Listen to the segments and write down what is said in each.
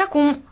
Și acum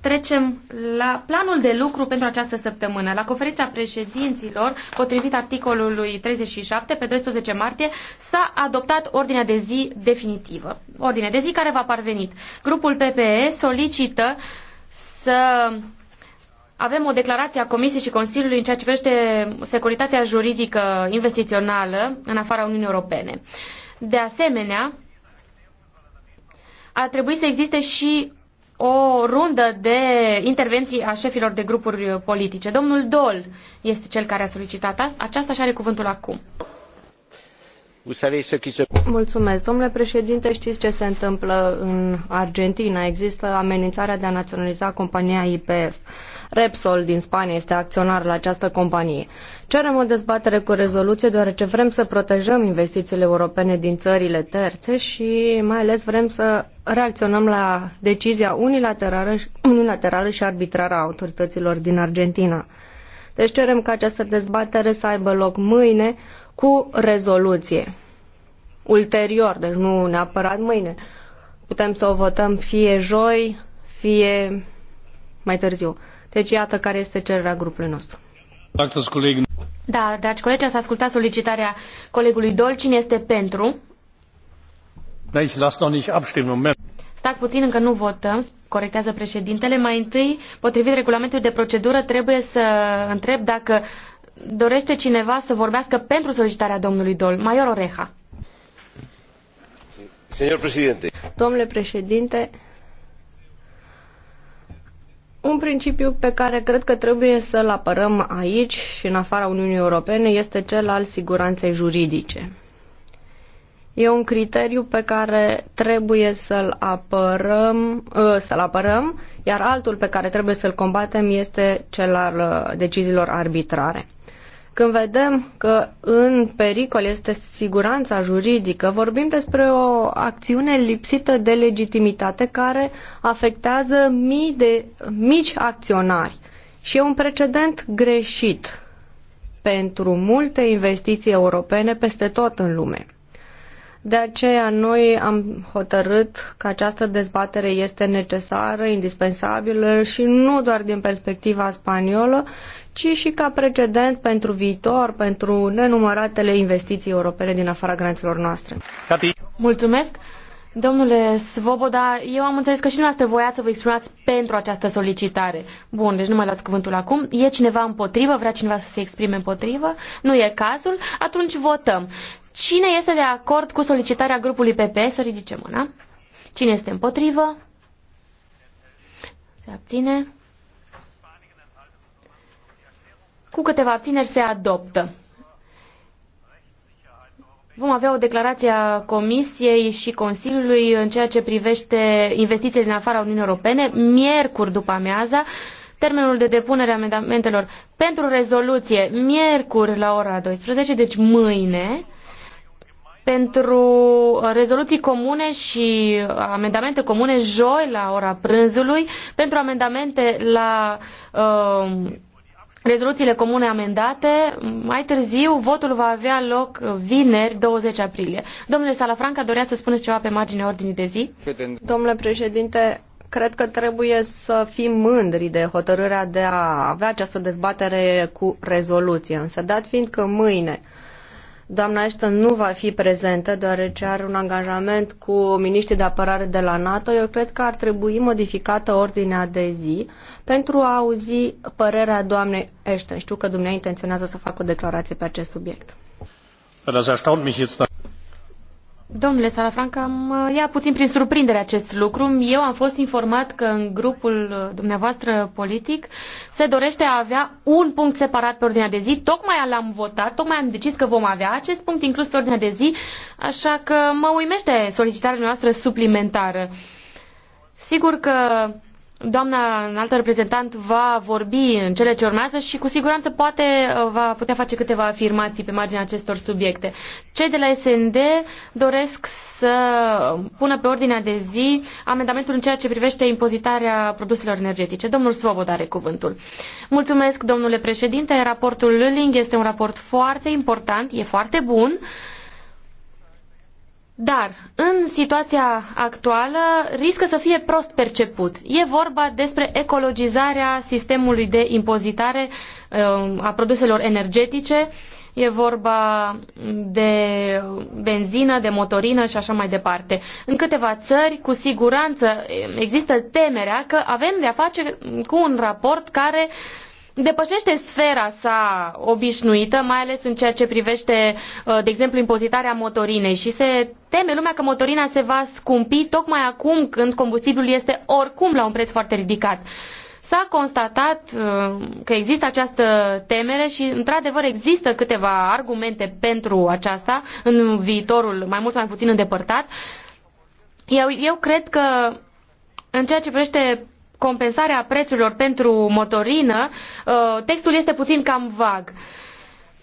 trecem la planul de lucru pentru această săptămână. La conferința președinților, potrivit articolului 37, pe 12 martie, s-a adoptat ordinea de zi definitivă. Ordinea de zi care va parvenit. Grupul PPE solicită să avem o declarație a Comisiei și Consiliului în ceea ce privește securitatea juridică investițională în afara Uniunii Europene. De asemenea, ar trebui să existe și o rundă de intervenții a șefilor de grupuri politice. Domnul Dol este cel care a solicitat aceasta și are cuvântul acum. Mulțumesc. Domnule președinte, știți ce se întâmplă în Argentina. Există amenințarea de a naționaliza compania IPF. Repsol din Spania este acționar la această companie. Cerem o dezbatere cu rezoluție deoarece vrem să protejăm investițiile europene din țările terțe și mai ales vrem să reacționăm la decizia unilaterală, unilaterală și arbitrară a autorităților din Argentina. Deci cerem ca această dezbatere să aibă loc mâine cu rezoluție. Ulterior, deci nu neapărat mâine. Putem să o votăm fie joi, fie mai târziu. Deci iată care este cererea grupului nostru. Da, dragi colegi, ați ascultat solicitarea colegului Dol. Cine este pentru? Deci, Stați puțin, încă nu votăm, corectează președintele. Mai întâi, potrivit regulamentului de procedură, trebuie să întreb dacă dorește cineva să vorbească pentru solicitarea domnului Dol. Maior Oreha. Domnule președinte, un principiu pe care cred că trebuie să-l apărăm aici și în afara Uniunii Europene este cel al siguranței juridice. E un criteriu pe care trebuie să-l apărăm, ă, să-l apărăm, iar altul pe care trebuie să-l combatem este cel al uh, deciziilor arbitrare. Când vedem că în pericol este siguranța juridică, vorbim despre o acțiune lipsită de legitimitate care afectează mii de mici acționari. Și e un precedent greșit pentru multe investiții europene peste tot în lume. De aceea noi am hotărât că această dezbatere este necesară, indispensabilă și nu doar din perspectiva spaniolă, ci și ca precedent pentru viitor, pentru nenumăratele investiții europene din afara granițelor noastre. Mulțumesc! Domnule Svoboda, eu am înțeles că și dumneavoastră voiați să vă exprimați pentru această solicitare. Bun, deci nu mai luați cuvântul acum. E cineva împotrivă? Vrea cineva să se exprime împotrivă? Nu e cazul? Atunci votăm. Cine este de acord cu solicitarea grupului PP? Să ridice mâna. Cine este împotrivă? Se abține. Cu câteva tineri se adoptă. Vom avea o declarație a Comisiei și Consiliului în ceea ce privește investițiile din afara Uniunii Europene, miercuri după amiaza, termenul de depunere a amendamentelor pentru rezoluție, miercuri la ora 12, deci mâine, pentru rezoluții comune și amendamente comune, joi la ora prânzului, pentru amendamente la uh, rezoluțiile comune amendate. Mai târziu, votul va avea loc vineri, 20 aprilie. Domnule Salafranca, doreați să spuneți ceva pe marginea ordinii de zi? Domnule președinte, cred că trebuie să fim mândri de hotărârea de a avea această dezbatere cu rezoluție. Însă, dat fiind că mâine Doamna Ashton nu va fi prezentă deoarece are un angajament cu miniștrii de apărare de la NATO. Eu cred că ar trebui modificată ordinea de zi pentru a auzi părerea doamnei Ashton. Știu că dumneavoastră intenționează să facă o declarație pe acest subiect. Domnule Salafranca, mă ia puțin prin surprindere acest lucru. Eu am fost informat că în grupul dumneavoastră politic se dorește a avea un punct separat pe ordinea de zi. Tocmai l-am votat, tocmai am decis că vom avea acest punct inclus pe ordinea de zi, așa că mă uimește solicitarea noastră suplimentară. Sigur că Doamna înaltă reprezentant va vorbi în cele ce urmează și cu siguranță poate uh, va putea face câteva afirmații pe marginea acestor subiecte. Cei de la SND doresc să pună pe ordinea de zi amendamentul în ceea ce privește impozitarea produselor energetice. Domnul Svobod are cuvântul. Mulțumesc, domnule președinte. Raportul Lulling este un raport foarte important, e foarte bun. Dar, în situația actuală, riscă să fie prost perceput. E vorba despre ecologizarea sistemului de impozitare uh, a produselor energetice, e vorba de benzină, de motorină și așa mai departe. În câteva țări, cu siguranță, există temerea că avem de-a face cu un raport care uh, depășește sfera sa obișnuită, mai ales în ceea ce privește, uh, de exemplu, impozitarea motorinei și se teme lumea că motorina se va scumpi tocmai acum când combustibilul este oricum la un preț foarte ridicat. S-a constatat uh, că există această temere și, într-adevăr, există câteva argumente pentru aceasta în viitorul mai mult sau mai puțin îndepărtat. Eu, eu cred că în ceea ce privește compensarea prețurilor pentru motorină, uh, textul este puțin cam vag.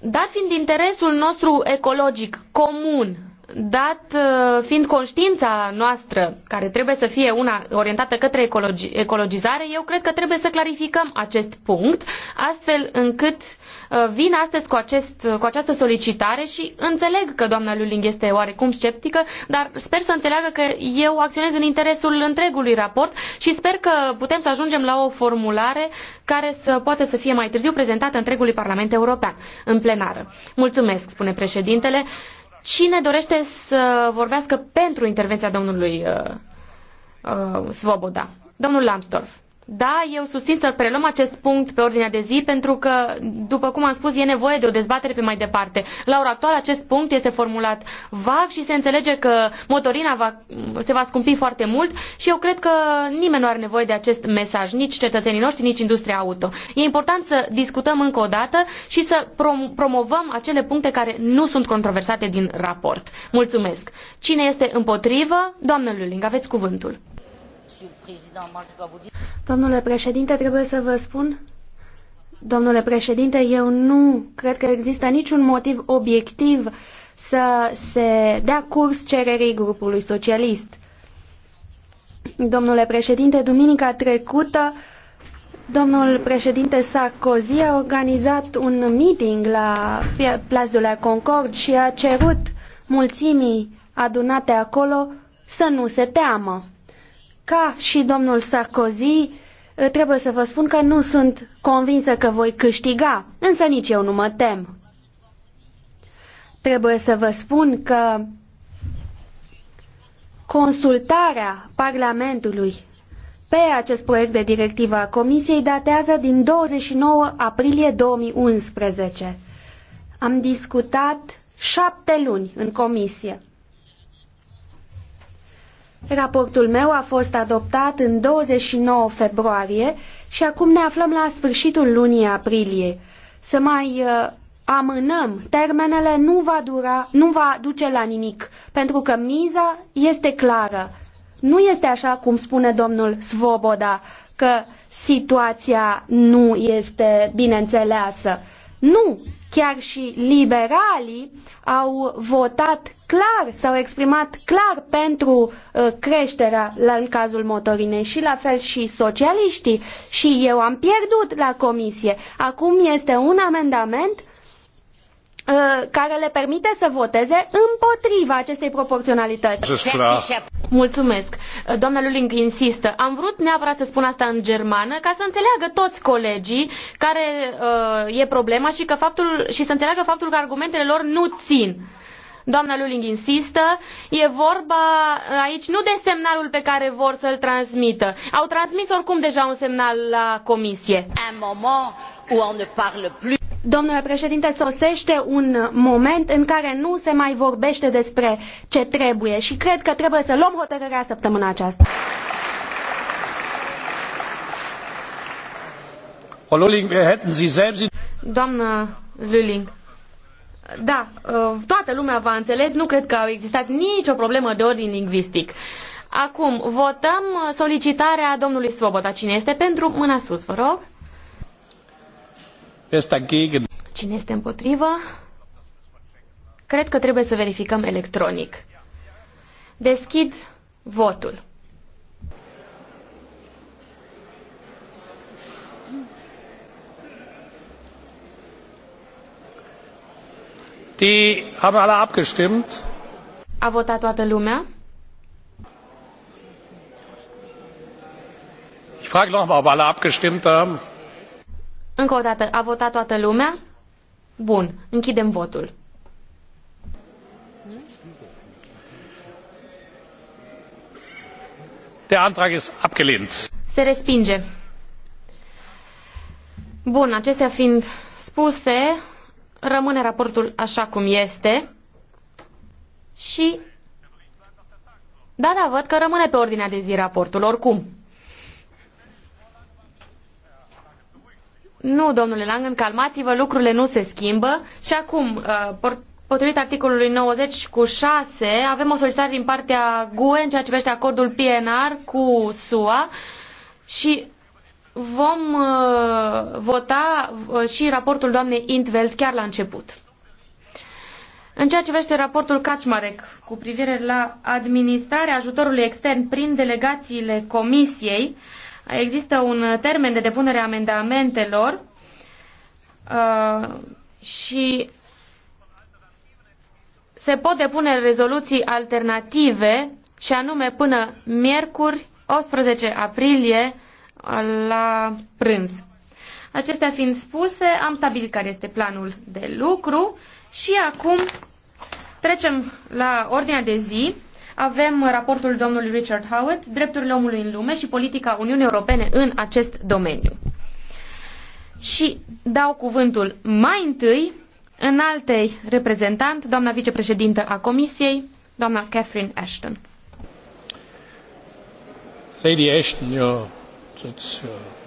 Dat fiind interesul nostru ecologic comun, dat uh, fiind conștiința noastră, care trebuie să fie una orientată către ecologizare, eu cred că trebuie să clarificăm acest punct, astfel încât uh, Uh, vin astăzi cu, acest, cu această solicitare și înțeleg că doamna Luling este oarecum sceptică, dar sper să înțeleagă că eu acționez în interesul întregului raport și sper că putem să ajungem la o formulare care să poată să fie mai târziu prezentată întregului Parlament European în plenară. Mulțumesc, spune președintele. Cine dorește să vorbească pentru intervenția domnului uh, uh, Svoboda? Domnul Lambsdorff. Da, eu susțin să preluăm acest punct pe ordinea de zi pentru că, după cum am spus, e nevoie de o dezbatere pe mai departe. La ora actuală acest punct este formulat vag și se înțelege că motorina va, se va scumpi foarte mult și eu cred că nimeni nu are nevoie de acest mesaj, nici cetățenii noștri, nici industria auto. E important să discutăm încă o dată și să prom promovăm acele puncte care nu sunt controversate din raport. Mulțumesc. Cine este împotrivă? Doamnă Luling, aveți cuvântul. Domnule președinte, trebuie să vă spun, domnule președinte, eu nu cred că există niciun motiv obiectiv să se dea curs cererii grupului socialist. Domnule președinte, duminica trecută, domnul președinte Sarkozy a organizat un meeting la Place de la Concord și a cerut mulțimii adunate acolo să nu se teamă. Ca și domnul Sarkozy, eh, trebuie să vă spun că nu sunt convinsă că voi câștiga, însă nici eu nu mă tem. Trebuie să vă spun că consultarea Parlamentului pe acest proiect de directivă a Comisiei datează din 29 aprilie 2011. Am discutat șapte luni în comisie. Raportul meu a fost adoptat în 29 februarie și acum ne aflăm la sfârșitul lunii aprilie. Să mai uh, amânăm termenele nu va, dura, nu va duce la nimic, pentru că miza este clară. Nu este așa cum spune domnul Svoboda, că situația nu este bine înțeleasă. Nu, chiar și liberalii au votat clar, s-au exprimat clar pentru uh, creșterea la, în cazul motorinei și la fel și socialiștii. Și eu am pierdut la comisie. Acum este un amendament Uh, care le permite să voteze împotriva acestei proporționalități. Mulțumesc. Doamna Luling insistă. Am vrut neapărat să spun asta în germană ca să înțeleagă toți colegii care uh, e problema și, că faptul, și să înțeleagă faptul că argumentele lor nu țin. Doamna Luling insistă, e vorba uh, aici nu de semnalul pe care vor să-l transmită. Au transmis oricum deja un semnal la comisie. Un moment où on ne parle plus Domnule președinte, sosește un moment în care nu se mai vorbește despre ce trebuie și cred că trebuie să luăm hotărârea săptămâna aceasta. Doamnă Lulling, da, uh, toată lumea v-a înțeles, nu cred că a existat nicio problemă de ordin lingvistic. Acum, votăm solicitarea domnului Svoboda. Cine este pentru? Mâna sus, vă rog. Cine este împotrivă? Cred că trebuie să verificăm electronic. Deschid votul. Die haben alle abgestimmt. A votat toată lumea? Ich frage mal, ob alle abgestimmt haben. Încă o dată, a votat toată lumea? Bun, închidem votul. Der Antrag ist abgelehnt. Se respinge. Bun, acestea fiind spuse, rămâne raportul așa cum este și... Da, da, văd că rămâne pe ordinea de zi raportul, oricum. Nu, domnule Langen, calmați-vă, lucrurile nu se schimbă. Și acum, uh, potrivit articolului 90 cu 6, avem o solicitare din partea GUE în ceea ce privește acordul PNR cu SUA și vom uh, vota uh, și raportul doamnei Intveld chiar la început. În ceea ce vește raportul Kaczmarek cu privire la administrarea ajutorului extern prin delegațiile Comisiei, Există un termen de depunere a amendamentelor uh, și se pot depune rezoluții alternative și anume până miercuri 18 aprilie la prânz. Acestea fiind spuse, am stabilit care este planul de lucru și acum trecem la ordinea de zi. Avem uh, raportul domnului Richard Howard, drepturile omului în lume și politica Uniunii Europene în acest domeniu. Și dau cuvântul mai întâi în altei reprezentant, doamna vicepreședintă a Comisiei, doamna Catherine Ashton. Lady Ashton, you're, it's, uh...